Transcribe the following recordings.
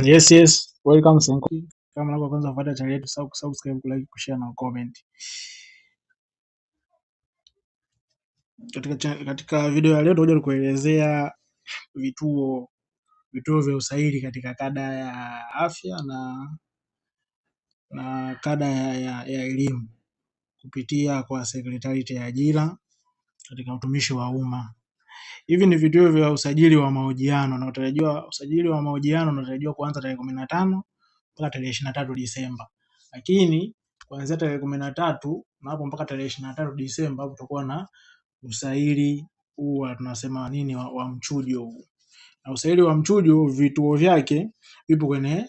Yes, yes. Welcome Senko. Kama nako kwanza kupata channel yetu, sub subscribe, kulike, kushare na comment. Katika katika video ya leo tutakuja kuelezea vituo vituo vya usaili katika kada ya afya na na kada ya ya elimu kupitia kwa Sekretarieti ya Ajira katika utumishi wa umma. Hivi ni vituo vya usajili wa mahojiano na utarajiwa usajili wa mahojiano unatarajiwa kuanza tarehe kumi na tano mpaka tarehe ishirini na tatu Disemba, lakini kuanzia tarehe kumi na tatu na hapo mpaka tarehe ishirini na tatu Disemba kutakuwa na usaili huu tunasema nini wa, wa mchujo huu. Na usaili wa mchujo vituo vyake vipo kwenye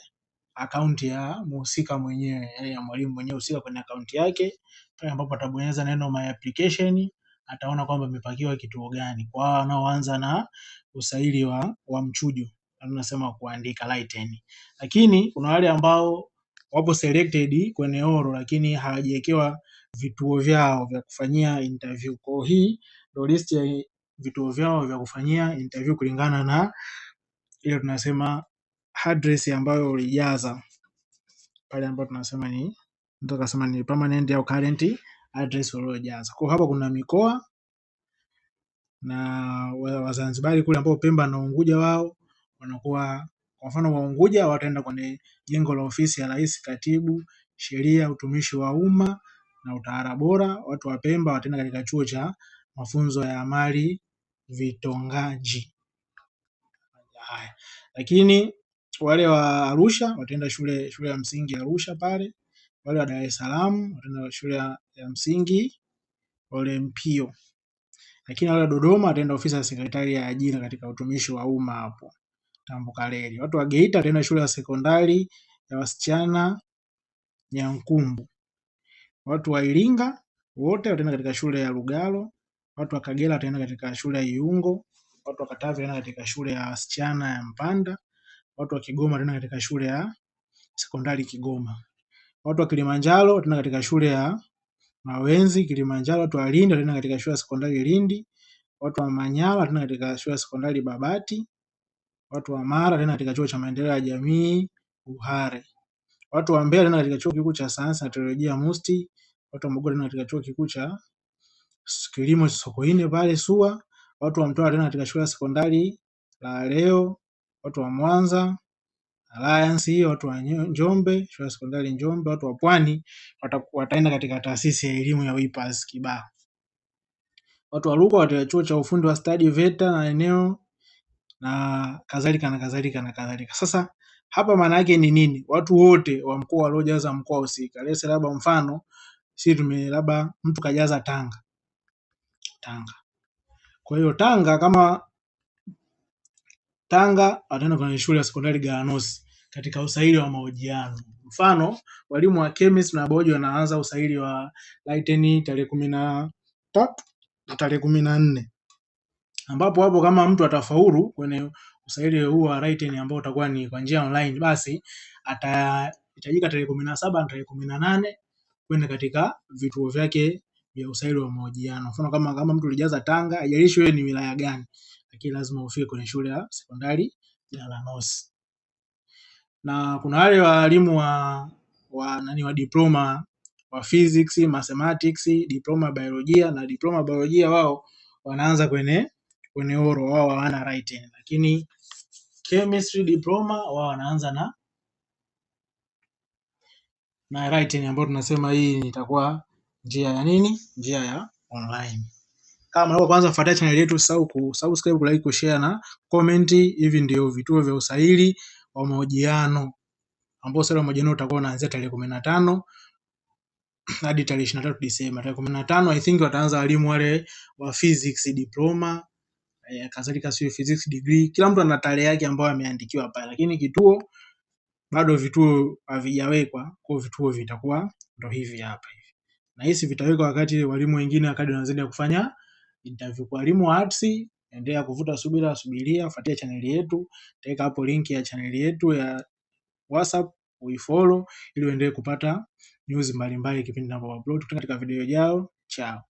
akaunti ya mhusika mwenyewe, yaani ya mwalimu mwenyewe husika kwenye akaunti yake, pale ambapo atabonyeza neno my application ataona kwamba amepakiwa kituo gani. Kwa hao wanaoanza na usaili wa, wa mchujo tunasema yaani kuandika Lighten. Lakini kuna wale ambao wapo selected kwenye oro lakini hawajawekewa vituo vyao vya kufanyia interview. Kwa hii ndio list ya vituo vyao vya kufanyia interview kulingana na ile tunasema address ambayo ulijaza pale ambapo tunasema ni nataka sema ni permanent au current address waliojaza. Kwa hapa kuna mikoa na Wazanzibari kule ambao Pemba na Unguja wao wanakuwa kwa mfano wa Unguja wataenda kwenye jengo la ofisi ya Rais, Katibu, Sheria, Utumishi wa Umma na Utawala Bora. Watu wa Pemba wataenda katika chuo cha mafunzo ya amali vitongaji. Haya, lakini wale wa Arusha wataenda shule shule ya msingi Arusha pale, wale wa Dar es Salaam wataenda shule ya ya msingi Olimpio. Lakini wale Dodoma ataenda ofisi ya sekretari ya ajira katika utumishi wa umma hapo Tambukareli. Watu wa Geita ataenda shule ya sekondari ya wasichana Nyankumbu. Watu wa Iringa wote wataenda katika shule ya Lugalo. Watu wa Kagera wataenda katika shule ya Iungo. Watu wa Katavi wataenda katika shule ya wasichana ya Mpanda. Watu wa Kigoma wataenda katika shule ya sekondari Kigoma. Watu wa Kilimanjaro wataenda katika shule ya Mawenzi, Kilimanjaro, watu wa Lindi wataenda katika shule ya sekondari Lindi, watu wa Manyara tena katika shule ya sekondari Babati, watu wa Mara tena katika chuo cha maendeleo ya jamii Uhare, watu wa Mbeya tena katika chuo kikuu cha sayansi na teknolojia Musti, watu wa Morogoro tena katika chuo kikuu cha kilimo Sokoine pale SUA, watu wa Mtwara tena katika shule ya sekondari la leo, watu wa Mwanza Alliance hiyo watu wa Njombe, shule ya sekondari Njombe, watu wa Pwani wataenda katika taasisi ya elimu ya Wipas Kibaha. Watu wa Rukwa wataenda chuo cha ufundi wa stadi VETA na eneo na kadhalika na kadhalika na kadhalika. Sasa hapa maana yake ni nini? Watu wote wa mkoa waliojaza mkoa husika. Lese labda mfano sisi tume labda mtu kajaza Tanga. Tanga. Kwa hiyo Tanga kama Tanga atenda kwenye shule ya sekondari Gawanosi katika usaili wa mahojiano. Mfano, walimu wa chemistry na biology wanaanza usaili wa lighteni tarehe kumi na tatu na tarehe kumi na nne ambapo hapo kama mtu atafaulu kwenye usaili huu wa lighteni ambao utakuwa ni kwa njia online, basi atahitajika tarehe kumi na saba na tarehe kumi na nane kwenda katika vituo vyake vya usaili wa mahojiano. Mfano kama kama mtu ulijaza Tanga, haijalishi wewe ni wilaya gani, lakini lazima ufike kwenye shule ya sekondari ya Alamos. Na kuna wale walimu wa, wa, nani wa diploma wa physics, mathematics, diploma biolojia na diploma biolojia wao wanaanza kwenye kwenye oro, wao hawana writing, lakini chemistry diploma wao wanaanza na na writing ambayo tunasema hii itakuwa njia ya nini? Njia ya online. Kama mnapo kwanza kufuatilia channel yetu, usisahau kusubscribe, ku like, ku share na comment. Hivi ndio vituo vya usaili wa mahojiano ambao sasa mahojiano utakuwa unaanzia tarehe 15 hadi tarehe 23 na Disemba. Tarehe 15 I think wataanza walimu wale wa physics diploma eh, kadhalika sio physics degree. Kila mtu ana tarehe yake ambayo ameandikiwa pale, lakini kituo bado vituo havijawekwa, kwa vituo vitakuwa ndo hivi hapa hivi, na hisi vitawekwa wakati walimu wengine wakati wanazidi kufanya interview Mwalimu Arts. Endelea kuvuta subira, subiria, fuatia chaneli yetu, taweka hapo linki ya chaneli yetu ya WhatsApp uifollow ili uendelee kupata news mbalimbali kipindi tunapo upload. Katika video ijao, chao.